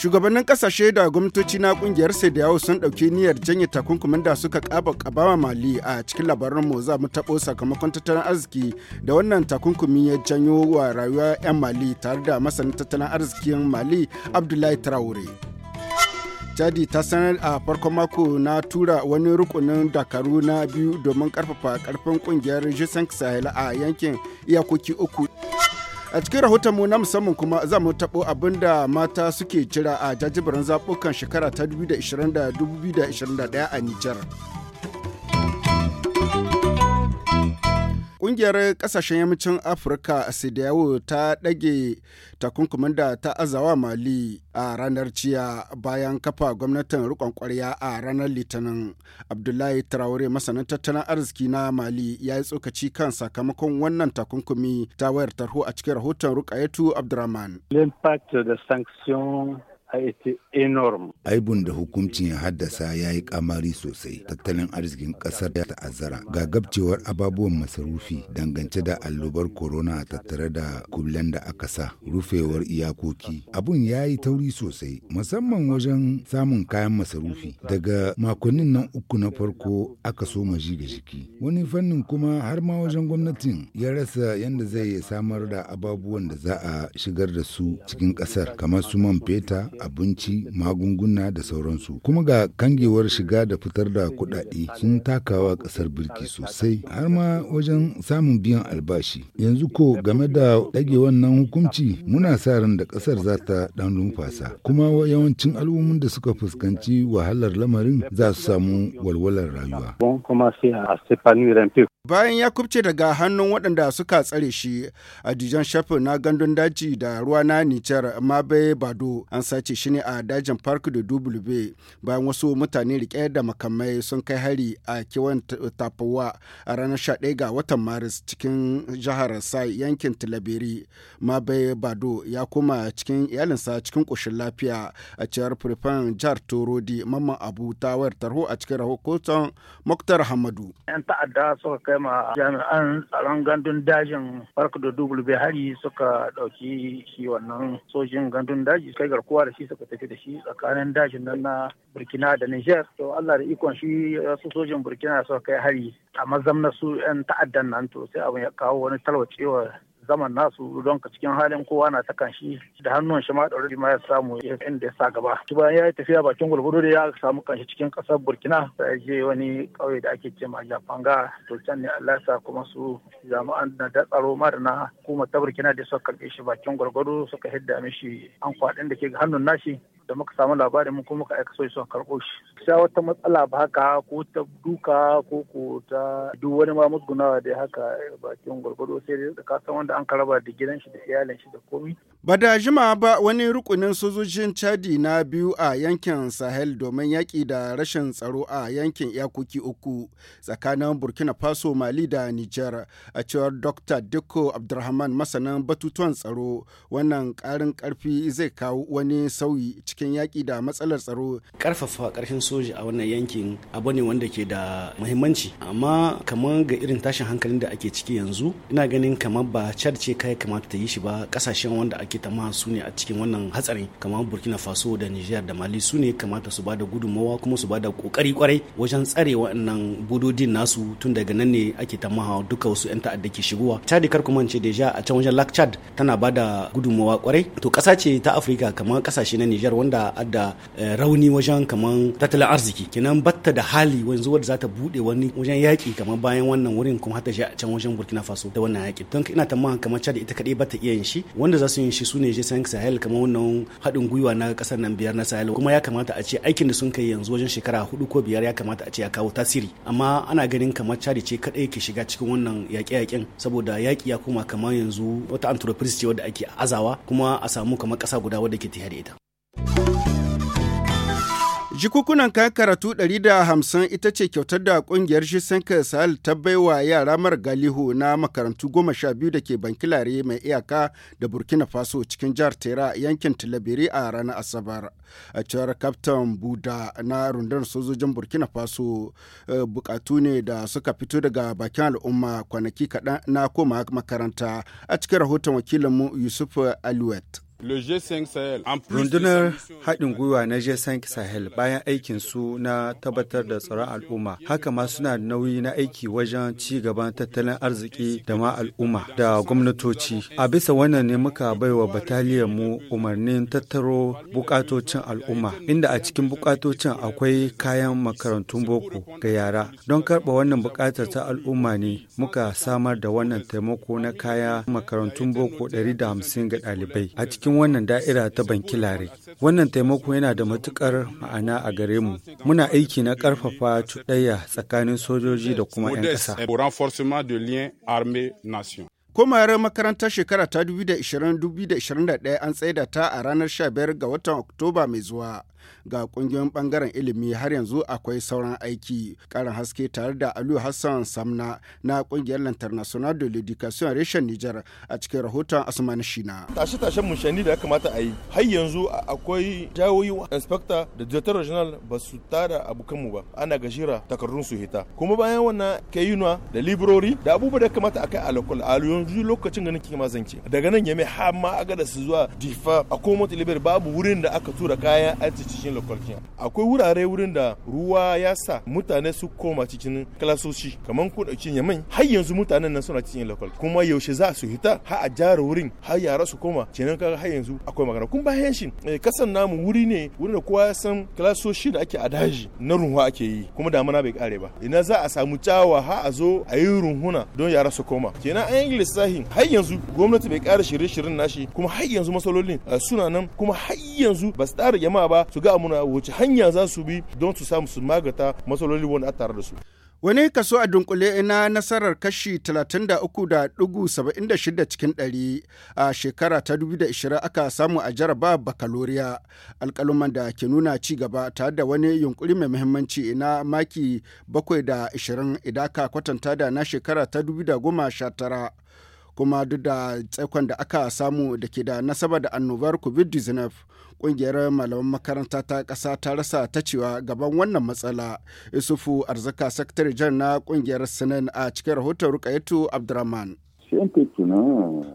Shugabannin kasashe da gwamnatoci na kungiyar sai da yawo sun ɗauki niyyar janye takunkumin da suka kaba kabawa Mali a cikin labaran mu za mu taɓo sakamakon tattalin arziki da wannan takunkumi ya janyo wa rayuwa 'yan Mali tare da masanin tattalin arzikin Mali Abdullahi Traore. jadi ta sanar a farkon mako na tura wani rukunin dakaru na biyu domin karfafa karfin kungiyar g Sahel a yankin iyakoki uku. A cikin rahoton mu na musamman kuma za mu taɓo abin da mata suke jira a jajibirin zaɓukan shekara ta 2020-2021 a Nijar. Ƙungiyar kasashen yammacin Afirka Sidiyawo ta ɗage takunkumin da ta azawa Mali a ranar ciya bayan kafa gwamnatin rikon kwarya a ranar Litinin. Abdullahi Traore masanin tattalin arziki na Mali ya yi tsokaci kan sakamakon wannan takunkumi ta wayar tarho a cikin rahoton Rukayatu Abdurrahman. L'impact de sanction Aibun da hukuncin ya haddasa ya yi kamari sosai, tattalin arzikin ƙasar ya ta'azzara, gabcewar ababuwan masarufi dangance da allobar corona tattare da kublen da aka sa, rufewar iyakoki. Abun ya yi tauri sosai, musamman wajen samun kayan masarufi. Daga makonnin nan uku na farko aka so ji ga jiki. Wani fannin kuma har ma wajen gwamnatin ya rasa yadda zai samar da ababuwan da za a shigar da su cikin ƙasar, kamar su man feta, abinci magunguna da sauransu kuma ga kangewar shiga da fitar da kuɗaɗe sun takawa ƙasar birki sosai har ma wajen samun biyan albashi yanzu ko game da ɗage wannan hukunci muna sa ran da ƙasar za ta ɗan lumfasa kuma yawancin al'ummun da suka fuskanci wahalar lamarin za su samu walwalar rayuwa. bayan ya kubce daga hannun waɗanda suka tsare shi a dijon shafin na gandun daji da ruwa na nijar mabe bado an sace shi ne a dajin park da dublube bayan wasu mutane rike da makamai sun kai hari a kewan tafawa a ranar 11 ga watan maris cikin jihar sai yankin tilaberi mabe bado ya koma cikin iyalinsa cikin ƙoshin lafiya a ciyar firfan jihar torodi mamman abu tawar tarho a cikin rahoton muktar hamadu yan ta'adda suka kai ma jami'an tsaron gandun dajin farko da dubul hari suka ɗauki shi wannan sojin gandun daji kai garkuwa da shi suka tafi da shi tsakanin dajin nan na burkina da niger to allah da ikon shi su sojin burkina suka kai hari a mazamna su 'yan ta'addan nan to sai abin ya kawo wani talwacewa zaman nasu don ka cikin halin kowa na ta kanshi shi da hannun shi ma da ma ya samu inda ya sa gaba ki bayan ya yi tafiya bakin gulgudu da ya samu kanshi cikin kasar burkina da ya je wani kauye da ake ce ma japanga to can ne allah sa kuma su jami'an na da tsaro ma na kuma ta burkina da suka karɓe shi bakin gulgudu suka hidda mishi an kwaɗin da ke ga hannun nashi da muka samu labarin mu kuma muka aika so su karɓo shi sha wata matsala ba haka ko ta duka ko ko ta duk wani ma musgunawa da haka bakin gwargwado sai dai da kasan wanda an karaba da gidan shi da iyalin shi da komi ba da jima ba wani rukunin sojojin chadi na biyu a yankin sahel domin yaƙi da rashin tsaro a yankin iyakoki uku tsakanin burkina faso mali da niger a cewar dr dikko abdulrahman masanin batutuwan tsaro wannan ƙarin ƙarfi zai kawo wani sauyi cikin cikin yaƙi da matsalar tsaro. Ƙarfafa ƙarfin soja a wannan yankin abu ne wanda ke da muhimmanci amma kamar ga irin tashin hankalin da ake ciki yanzu ina ganin kamar ba Chad ce kai kamata ta yi shi ba ƙasashen wanda ake tama su ne a cikin wannan hatsarin kamar Burkina Faso da Niger da Mali su ne kamata su ba da gudunmawa kuma su ba da ƙoƙari kwarai wajen tsare wannan budodin nasu tun daga nan ne ake ma duka wasu 'yan ta'adda ke shigowa. Chad kar kuma ce deja a can wajen Lak Chad tana ba da gudunmawa kwarai to ƙasa ce ta Afirka kamar ƙasashe na Niger wanda wanda da eh, rauni wajen kaman tattalin arziki kenan batta da hali wanzu wadda za ta bude wani wajen yaki kaman bayan wannan wurin kuma har ta a can wajen Burkina Faso da wannan yaki don ina tamamin kamar Chad ita kadai bata iya yin shi wanda za su yin shi ne G5 Sahel kamar wannan haɗin gwiwa na kasar nan biyar na Sahel kuma ya kamata a ce aikin da sun kai yanzu wajen shekara hudu ko biyar ya kamata a ce ya kawo tasiri amma ana ganin kamar Chad ce kadai ke shiga cikin wannan yaƙe-yaƙen saboda yaƙi ya koma kamar yanzu wata entreprise ce wadda ake azawa kuma a samu kamar ƙasa guda wadda ke tare da ita Jikukunan kayan karatu 150 ita ce kyautar da kungiyar Shisenka Sahel ta baiwa yara mara galihu na makarantu goma sha biyu da ke bankilare mai iyaka da Burkina Faso cikin jihar Tera yankin Tilabiri a ranar Asabar. A cewar Kaftan Buda na rundunar sojojin Burkina Faso eh, bukatu ne da suka fito daga bakin al'umma kwanaki kaɗan na koma makaranta a cikin rahoton wakilinmu Yusuf Aliwet. Rundunar haɗin gwiwa na G5 Sahel bayan aikin su na tabbatar da tsaron al'umma, haka ma suna nauyi na aiki wajen ci gaban tattalin arziki da ma al'umma da gwamnatoci. A bisa wannan ne muka baiwa bataliyar mu umarnin tattaro bukatocin al'umma, inda a cikin bukatocin akwai kayan makarantun boko ga yara. Don karɓa wannan bukatar ta al'umma ne muka samar da wannan taimako na kaya makarantun boko 150 ga ɗalibai. A cikin cikin wannan da'ira ta banki lare Wannan taimako yana da matukar ma'ana a gare mu. Muna aiki na karfafa cuɗayya tsakanin sojoji da kuma 'yan ƙasa. Komayar makarantar shekara ta 2020-2021 an tsaida ta a ranar 15 ga watan Oktoba mai zuwa. ga kungiyoyin bangaren ilimi har yanzu akwai sauran aiki karin haske tare da aliyu hassan samna na kungiyar international de l'education reshen niger a cikin rahoton asman shina tashe tashen mushani da ya kamata a yi har yanzu akwai jawoyi inspector da director regional ba su tara mu ba ana gajira takardun su hita kuma bayan wannan kayinwa da librori da abubuwa da ya kamata a kai alakul a yanzu lokacin ganin kima zance daga nan yame har ma a da su zuwa difa a komo babu wurin da aka tura kayan arziki cikin lokacin akwai wurare wurin da ruwa ya sa mutane su koma cikin kalasoshi kamar ku dauki yamin har yanzu mutanen nan suna cikin lokacin kuma yaushe za su hita har a jara wurin har yara su koma kenan kaga har yanzu akwai magana kun bayan shi eh, kasan namu wuri ne wurin da kowa ya san kalasoshi da ake a daji na runwa ake yi kuma damana bai kare ba ina za a samu cawa har a zo a yi runhuna don yara su koma kenan an yi lissafi har yanzu gwamnati bai kara shirye-shiryen nashi kuma har yanzu masalolin eh, suna nan kuma har yanzu ba su tsara jama'a ba su ga muna wace hanya za su bi don su samu su magata matsaloli wani a tare da su Wani kaso a dunkule na nasarar kashi 33.76 cikin ɗari a shekara ta 2020 aka samu a jaraba bakaloriya alkaluman da ke nuna ci gaba tare da wani yunkuri mai muhimmanci na maki 7.20 idan aka kwatanta da na shekara ta 2019 kuma duk da tsaikon da aka samu da ke da nasaba da annobar covid-19 kungiyar malaman makaranta ta ƙasa ta rasa ta cewa gaban wannan matsala isufu arzika sakatare jan na kungiyar sinan a cikin rahoton rukayetu abdurrahman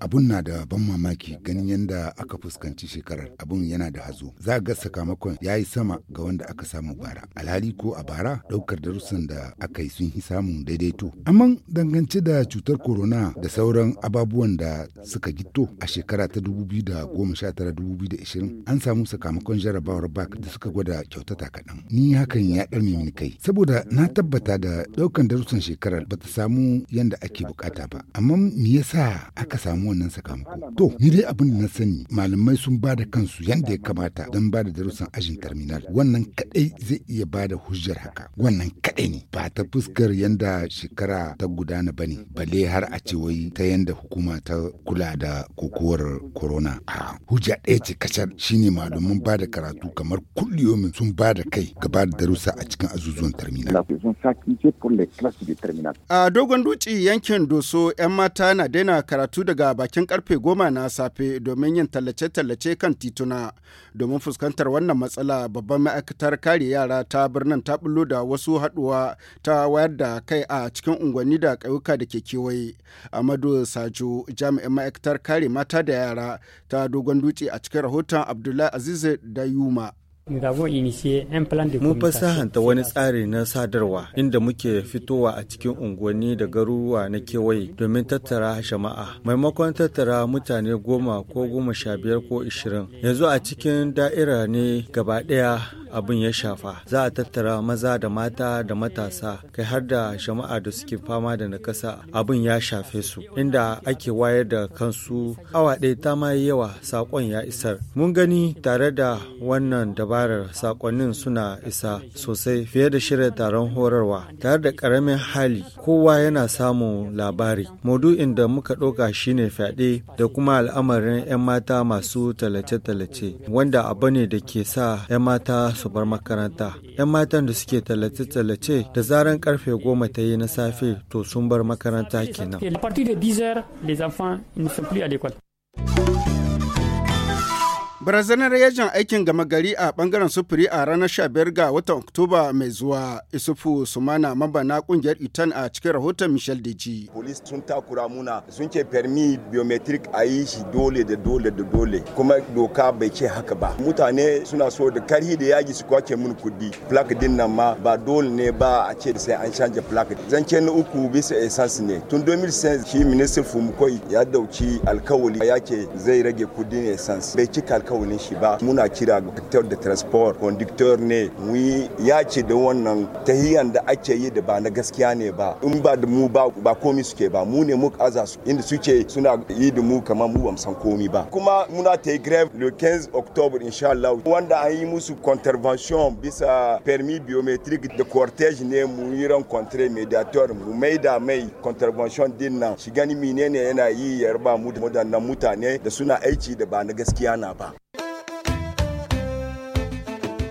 Abun na da ban mamaki ganin yadda aka fuskanci shekarar abun yana da hazo. Za ga sakamakon ya yi sama ga wanda aka samu bara. Alhali ko a bara ɗaukar darussan da aka yi sun yi samun daidaito. Amma dangance da cutar corona da sauran ababuwan da suka gito a shekara ta 2019-2020 an samu sakamakon jarabawar bak da suka gwada kyautata kaɗan. Ni hakan ya ɗarme mini kai. Saboda na tabbata da ɗaukan darussan shekarar ba ta samu yadda ake bukata ba. Amma me yasa aka samu wannan sakamako? To, ni dai abin da na sani malamai sun ba da kansu yadda ya kamata don ba da darussan ajin terminal. Wannan kadai zai iya ba da hujjar haka. Wannan kadai ne ba ta fuskar yadda shekara ta gudana bane balle har a ce wai ta yadda hukuma ta kula da kokowar corona. A hujja ɗaya ce kacar shine malaman ba da karatu kamar kulliyomin sun ba da kai ga ba da darussa a cikin azuzuwan terminal. A dogon duci yankin doso 'yan mata na daina karatu daga bakin karfe goma na safe domin yin tallace-tallace kan tituna. Domin fuskantar wannan matsala babban ma'aikatar kare yara ta birnin ta bullo da wasu haduwa ta wayar da kai a cikin unguwanni da ƙauyuka da ke kewaye. Amadu Sajo jami'in ma'aikatar kare mata da yara ta dogon dutse a cikin rahoton Abdullahi Aziz yuma Mun fasahanta wani tsari na sadarwa inda muke fitowa a cikin unguwanni da garuruwa na kewaye domin tattara jama'a. Maimakon tattara mutane goma ko goma sha biyar ko ishirin. Yanzu a cikin da'ira ne gaba ɗaya abin ya shafa. Za a tattara maza da mata da matasa kai har da jama'a da suke fama da nakasa abin ya shafe su. Inda ake wayar da kansu awa ɗaya ta ma yawa saƙon ya isar. Mun gani tare da wannan dabara labarar sakonnin suna isa sosai fiye da shirya taron horarwa tare da karamin hali kowa yana samun labari maudu'in da muka ɗauka shine fyaɗe da kuma al'amarin 'yan mata masu talace tallace wanda abu ne da ke sa 'yan mata su bar makaranta 'yan matan da suke tallace-tallace da zaran karfe goma ta yi na safe to sun bar makaranta kenan Barazanar yajin aikin gama gari a bangaren sufuri a ranar 15 ga watan Oktoba mai zuwa Isufu Sumana mabana kungiyar Itan a cikin rahoton Michel Deji. Police sun takura muna sun ce permi biometric a yi shi dole da dole da dole kuma doka bai ce haka ba. Mutane suna so da karhi da yaji su kwace mun kudi. Plak din nan ma ba dole ne ba a ce sai an canja plak. Zance na uku bisa essence ne. Tun 2006 shi ministan fumkoi ya dauki alkawali ya ce zai rage kudin essence. Bai cika alkawali alkawalin shi ba muna kira ga da transport conductor ne ya ce da wannan tahiyan da ake yi da ba na gaskiya ne ba in ba da mu ba ba komi suke ba mu ne muka aza su inda suke suna yi da mu kamar mu bamu san komi ba kuma muna ta yi greve le 15 octobre insha Allah wanda an yi musu contravention bisa permis biometric de cortège ne mu yi rencontre médiateur mu mai da mai contravention din nan shi gani menene yana yi yarba mu da mutane da suna aiki da ba na gaskiya na ba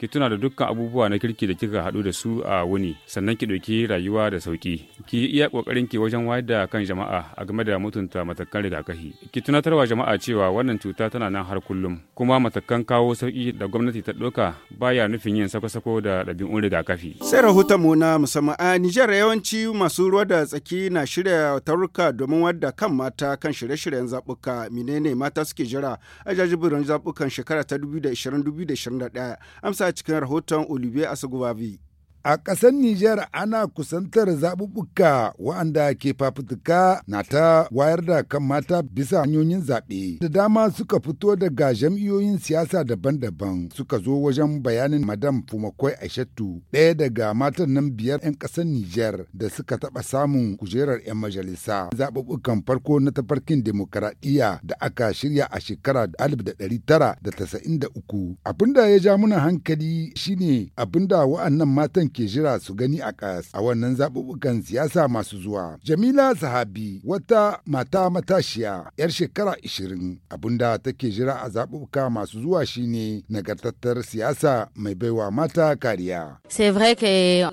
ki tuna da dukkan abubuwa na kirki da kika haɗu da su a wuni sannan ki ɗauki rayuwa da sauƙi ki iya ƙoƙarin ki wajen wayar da kan jama'a a game da mutunta matakan rigakafi ki tunatarwa jama'a cewa wannan cuta tana nan har kullum kuma matakan kawo sauki da gwamnati ta ɗauka baya nufin yin sako-sako da ɗabi'un rigakafi. sai rahoton mu na musamman a nijar yawanci masu ruwa da tsaki na shirya taruka domin wadda kan mata kan shirye-shiryen zaɓuka menene mata suke jira a jajibirin zaɓukan shekara ta 2020-2021 amsa cikin rahoton Olivier Asogbavi. A ƙasar Nijar ana kusantar zaɓuɓɓuka waɗanda ke fafutuka na ta wayar da kan mata bisa hanyoyin zaɓe. Da dama suka fito daga jam'iyyoyin siyasa daban-daban suka zo wajen bayanin Madam Fumakwai Aishatu ɗaya daga matan nan biyar 'yan ƙasar Nijar da suka taɓa samun kujerar 'yan majalisa. Zaɓuɓɓukan farko na tafarkin demokaradiyya da aka shirya a shekara 1993. Abin da ya ja muna hankali shine abin da wa'annan matan ke jira su gani a kas a wannan zaɓuɓɓukan siyasa masu zuwa. Jamila Zahabi wata mata matashiya 'yar shekara 20 abinda take jira a zaɓuɓɓuka masu zuwa shine nagartattar siyasa mai baiwa mata kariya.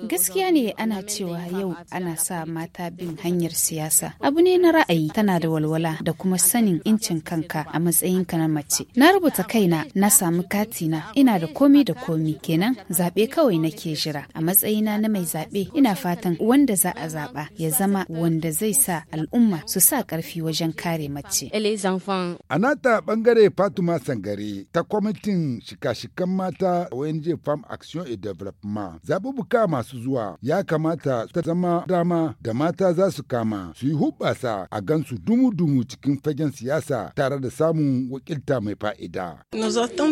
Gaskiya ne ana cewa yau ana sa mata bin hanyar siyasa. Abu ne na ra'ayi tana da walwala da kuma sanin incin kanka a matsayin ka na mace. Na rubuta kaina na samu katina ina da komi da komi kenan zaɓe kawai nake jira. Amma matsayina na mai zaɓe ina fatan wanda za a zaɓa ya zama wanda zai sa al'umma su sa ƙarfi wajen kare mace. A nata ɓangare Fatuma Sangare ta kwamitin shika-shikan mata ONG Farm Action and Development zaɓuɓɓuka masu zuwa ya kamata ta zama dama da mata za su kama su yi hubbasa a gansu dumu-dumu cikin fagen siyasa tare da samun wakilta mai fa'ida.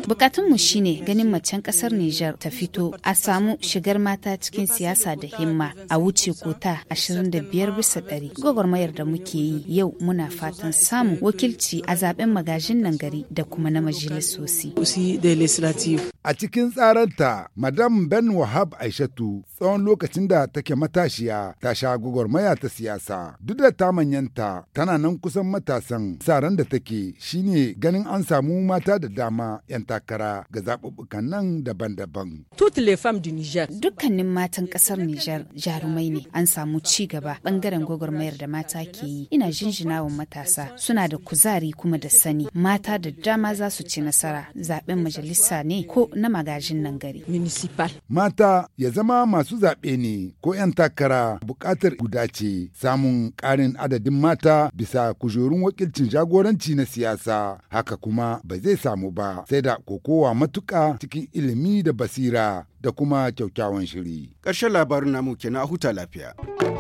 Bukatunmu shine ganin macen ƙasar Nijar ta fito a samu shigar mata ta cikin siyasa da himma a wuce kota 25 bisa ɗari. Gwagwarmayar da muke yi yau muna fatan samun wakilci a zaben magajin nan gari da kuma na majalisosi. A cikin tsaranta, Madam Ben Wahab Aishatu tsawon lokacin da take matashiya ta sha gwagwarmaya ta siyasa. Duk da ta manyanta tana nan kusan matasan tsaron da take shine ganin an samu mata da dama 'yan takara ga zaɓuɓɓukan nan daban-daban. Dukkan dukkanin matan kasar Nijar jarumai ne an samu ci gaba bangaren gwagwarmayar da mata ke yi ina jinjina wa matasa suna da kuzari kuma da sani mata da dama za su ci nasara zaben majalisa ne ko na magajin nan gari. Mata ya zama masu zaɓe ne ko 'yan takara buƙatar guda ce samun ƙarin adadin mata bisa kujerun wakilcin jagoranci na siyasa haka kuma ba zai samu ba sai da kokowa matuƙa cikin ilimi da basira da kuma kyaukyawan shiri. hankali. Ƙarshen labarin namu kenan a huta lafiya.